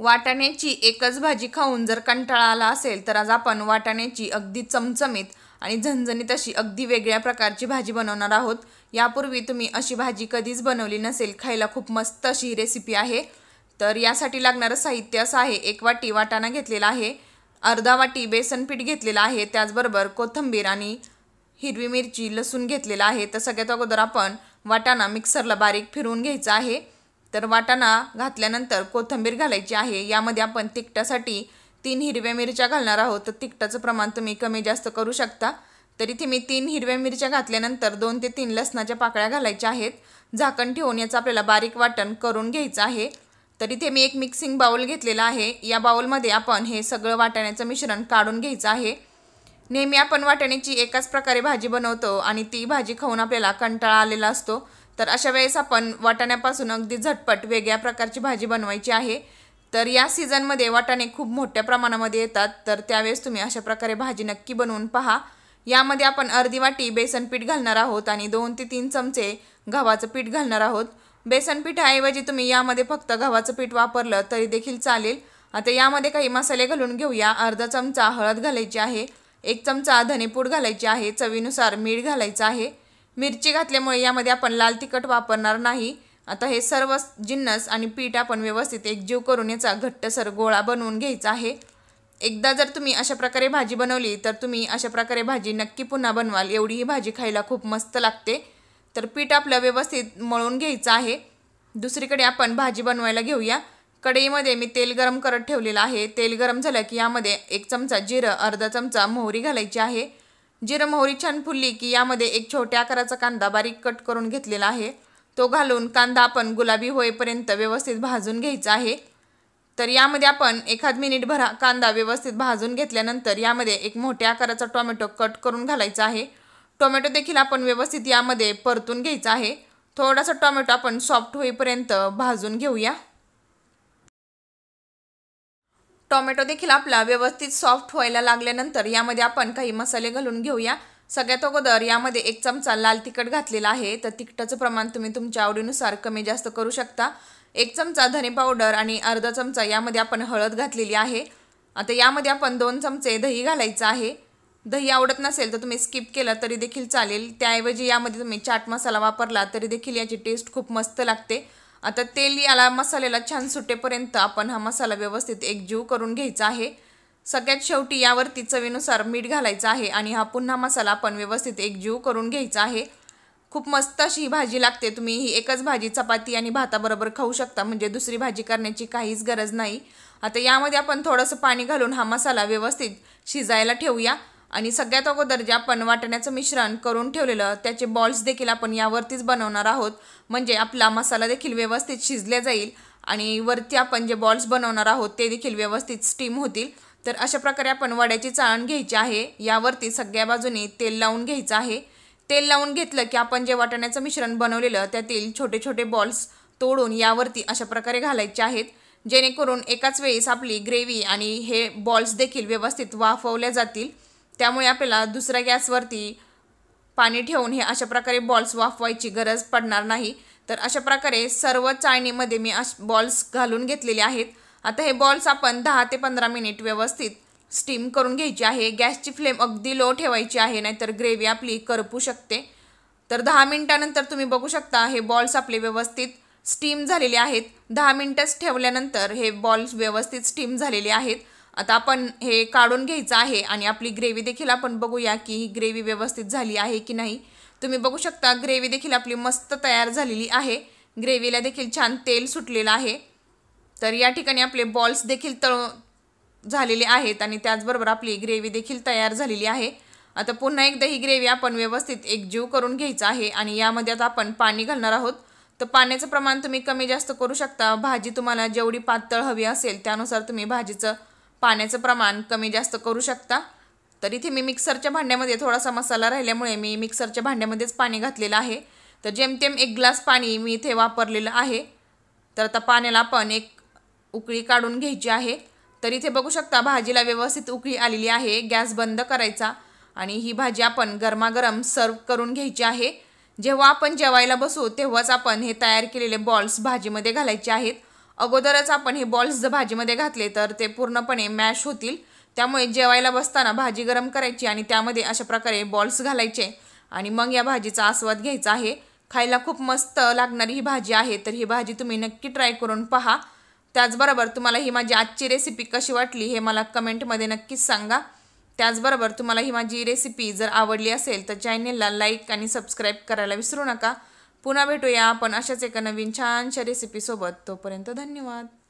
वाटाण्याची एकच भाजी खाऊन जर कंटाळा आला असेल तर आज आपण वाटाण्याची अगदी चमचमीत आणि झणझणीत अशी अगदी वेगळ्या प्रकारची भाजी बनवणार आहोत यापूर्वी तुम्ही अशी भाजी कधीच बनवली नसेल खायला खूप मस्त अशी रेसिपी आहे तर यासाठी लागणारं साहित्य असं आहे एक वाटी वाटाणा घेतलेला आहे अर्धा वाटी बेसन पीठ आहे त्याचबरोबर कोथंबीर आणि हिरवी मिरची लसूण घेतलेला आहे तर सगळ्यात अगोदर आपण वाटाणा मिक्सरला बारीक फिरवून घ्यायचा आहे तर वाटाणा घातल्यानंतर कोथिंबीर घालायची आहे यामध्ये आपण तिखटासाठी तीन हिरव्या मिरच्या घालणार आहोत तर तिखटाचं प्रमाण तुम्ही कमी जास्त करू शकता तर इथे मी तीन हिरव्या मिरच्या घातल्यानंतर दोन ते तीन लसणाच्या पाकळ्या घालायच्या आहेत झाकण ठेवून याचं आपल्याला बारीक वाटण करून घ्यायचं आहे तर इथे मी एक मिक्सिंग बाउल घेतलेला आहे या बाउलमध्ये आपण हे सगळं वाटाण्याचं मिश्रण काढून घ्यायचं आहे नेहमी आपण वाटाण्याची एकाच प्रकारे भाजी बनवतो आणि ती भाजी खाऊन आपल्याला कंटाळा आलेला असतो तर अशा वेळेस आपण वाटाण्यापासून अगदी झटपट वेगळ्या प्रकारची भाजी बनवायची आहे तर या सीझनमध्ये वाटाणे खूप मोठ्या प्रमाणामध्ये येतात तर त्यावेळेस तुम्ही अशा प्रकारे भाजी नक्की बनवून पहा यामध्ये आपण अर्धी वाटी बेसन पीठ घालणार आहोत आणि दोन ते तीन चमचे गव्हाचं पीठ घालणार आहोत बेसन पीठाऐवजी तुम्ही यामध्ये फक्त गव्हाचं पीठ वापरलं तरी देखील चालेल आता यामध्ये काही मसाले घालून घेऊया अर्धा चमचा हळद घालायची आहे एक चमचा धनेपूड घालायची आहे चवीनुसार मीठ घालायचं आहे मिरची घातल्यामुळे यामध्ये आपण लाल तिखट वापरणार नाही आता हे सर्व जिन्नस आणि पीठ आपण व्यवस्थित एकजीव करून याचा घट्टसर गोळा बनवून घ्यायचा आहे एकदा जर तुम्ही अशा प्रकारे भाजी बनवली तर तुम्ही अशा प्रकारे भाजी नक्की पुन्हा बनवाल एवढी ही भाजी खायला खूप मस्त लागते तर पीठ आपलं व्यवस्थित मळून घ्यायचं आहे दुसरीकडे आपण भाजी बनवायला घेऊया कढईमध्ये मी तेल गरम करत ठेवलेलं आहे तेल गरम झालं की यामध्ये एक चमचा जिरं अर्धा चमचा मोहरी घालायची आहे जिरं मोहरी छान फुलली की यामध्ये एक छोट्या आकाराचा कांदा बारीक कट करून घेतलेला आहे तो घालून कांदा आपण गुलाबी होईपर्यंत व्यवस्थित भाजून घ्यायचा आहे तर यामध्ये आपण एखाद मिनिट भरा कांदा व्यवस्थित भाजून घेतल्यानंतर यामध्ये एक मोठ्या आकाराचा टोमॅटो कट करून घालायचा आहे टोमॅटो देखील आपण व्यवस्थित यामध्ये परतून घ्यायचा आहे थोडासा टोमॅटो आपण सॉफ्ट होईपर्यंत भाजून घेऊया टोमॅटो देखील आपला व्यवस्थित सॉफ्ट व्हायला लागल्यानंतर यामध्ये आपण काही मसाले घालून घेऊया सगळ्यात अगोदर यामध्ये एक चमचा लाल तिखट घातलेला आहे तर तिखटाचं प्रमाण तुम्ही तुमच्या आवडीनुसार कमी जास्त करू शकता एक चमचा धने पावडर आणि अर्धा चमचा यामध्ये आपण हळद घातलेली आहे आता यामध्ये आपण दोन चमचे दही घालायचं आहे दही आवडत नसेल तर तुम्ही स्किप केलं तरी देखील चालेल त्याऐवजी यामध्ये तुम्ही चाट मसाला वापरला तरी देखील याची टेस्ट खूप मस्त लागते आता तेल याला मसाल्याला छान सुटेपर्यंत आपण हा मसाला व्यवस्थित एकजीव करून घ्यायचा आहे सगळ्यात शेवटी यावरती चवीनुसार मीठ घालायचं आहे आणि हा पुन्हा मसाला आपण व्यवस्थित एकजीव करून घ्यायचा आहे खूप मस्त अशी ही भाजी लागते तुम्ही ही एकच भाजी चपाती आणि भाताबरोबर खाऊ शकता म्हणजे दुसरी भाजी करण्याची काहीच गरज नाही आता यामध्ये आपण थोडंसं पाणी घालून हा मसाला व्यवस्थित शिजायला ठेवूया आणि सगळ्यात अगोदर जे आपण वाटण्याचं मिश्रण करून ठेवलेलं त्याचे बॉल्स देखील आपण यावरतीच बनवणार आहोत म्हणजे आपला मसाला देखील व्यवस्थित शिजल्या जाईल आणि वरती आपण जे बॉल्स बनवणार आहोत ते देखील व्यवस्थित स्टीम होतील तर अशा प्रकारे आपण वड्याची चाळण घ्यायची आहे यावरती सगळ्या बाजूने तेल लावून घ्यायचं आहे तेल लावून घेतलं की आपण जे वाटण्याचं मिश्रण बनवलेलं त्यातील छोटे छोटे बॉल्स तोडून यावरती अशा प्रकारे घालायचे आहेत जेणेकरून एकाच वेळेस आपली ग्रेव्ही आणि हे बॉल्स देखील व्यवस्थित वाफवल्या जातील त्यामुळे आपल्याला दुसऱ्या गॅसवरती पाणी ठेवून हे अशा प्रकारे बॉल्स वाफवायची गरज पडणार नाही तर अशा प्रकारे सर्व चाळणीमध्ये मी अश बॉल्स घालून घेतलेले आहेत आता हे बॉल्स आपण दहा ते पंधरा मिनिट व्यवस्थित स्टीम करून घ्यायची आहे गॅसची फ्लेम अगदी लो ठेवायची आहे नाहीतर ग्रेव्ही आपली करपू शकते तर दहा मिनटानंतर तुम्ही बघू शकता हे बॉल्स आपले व्यवस्थित स्टीम झालेले आहेत दहा मिनटंच ठेवल्यानंतर हे बॉल्स व्यवस्थित स्टीम झालेले आहेत आता आपण हे काढून घ्यायचं आहे आणि आपली ग्रेव्ही देखील आपण बघूया की ही ग्रेव्ही व्यवस्थित झाली आहे की नाही तुम्ही बघू शकता ग्रेव्ही देखील आपली मस्त तयार झालेली आहे ग्रेव्हीला देखील छान तेल सुटलेलं आहे तर या ठिकाणी आपले बॉल्स देखील तळ झालेले आहेत आणि त्याचबरोबर आपली ग्रेव्ही देखील तयार झालेली आहे आता पुन्हा एकदा ही ग्रेव्ही आपण व्यवस्थित एकजीव करून घ्यायचा आहे आणि यामध्ये आता आपण पाणी घालणार आहोत तर पाण्याचं प्रमाण तुम्ही कमी जास्त करू शकता भाजी तुम्हाला जेवढी पातळ हवी असेल त्यानुसार तुम्ही भाजीचं पाण्याचं प्रमाण कमी जास्त करू शकता तर इथे मी मिक्सरच्या भांड्यामध्ये थोडासा मसाला राहिल्यामुळे मी मिक्सरच्या भांड्यामध्येच पाणी घातलेलं आहे तर जेमतेम एक ग्लास पाणी मी इथे वापरलेलं आहे तर आता पाण्याला आपण एक उकळी काढून घ्यायची आहे तर इथे बघू शकता भाजीला व्यवस्थित उकळी आलेली आहे गॅस बंद करायचा आणि ही भाजी आपण गरमागरम सर्व करून घ्यायची आहे जेव्हा आपण जेवायला बसू तेव्हाच आपण हे तयार केलेले बॉल्स भाजीमध्ये घालायचे आहेत अगोदरच आपण हे बॉल्स जर भाजीमध्ये घातले तर ते पूर्णपणे मॅश होतील त्यामुळे जेवायला बसताना भाजी गरम करायची आणि त्यामध्ये अशा प्रकारे बॉल्स घालायचे आणि मग या भाजीचा आस्वाद घ्यायचा आहे खायला खूप मस्त लागणारी ही भाजी आहे तर ही भाजी तुम्ही नक्की ट्राय करून पहा त्याचबरोबर तुम्हाला ही माझी आजची रेसिपी कशी वाटली हे मला कमेंटमध्ये नक्कीच सांगा त्याचबरोबर तुम्हाला ही माझी रेसिपी जर आवडली असेल तर चॅनेलला लाईक आणि सबस्क्राईब करायला विसरू नका पुन्हा भेटूया आपण अशाच एका नवीन छानशा रेसिपीसोबत तोपर्यंत धन्यवाद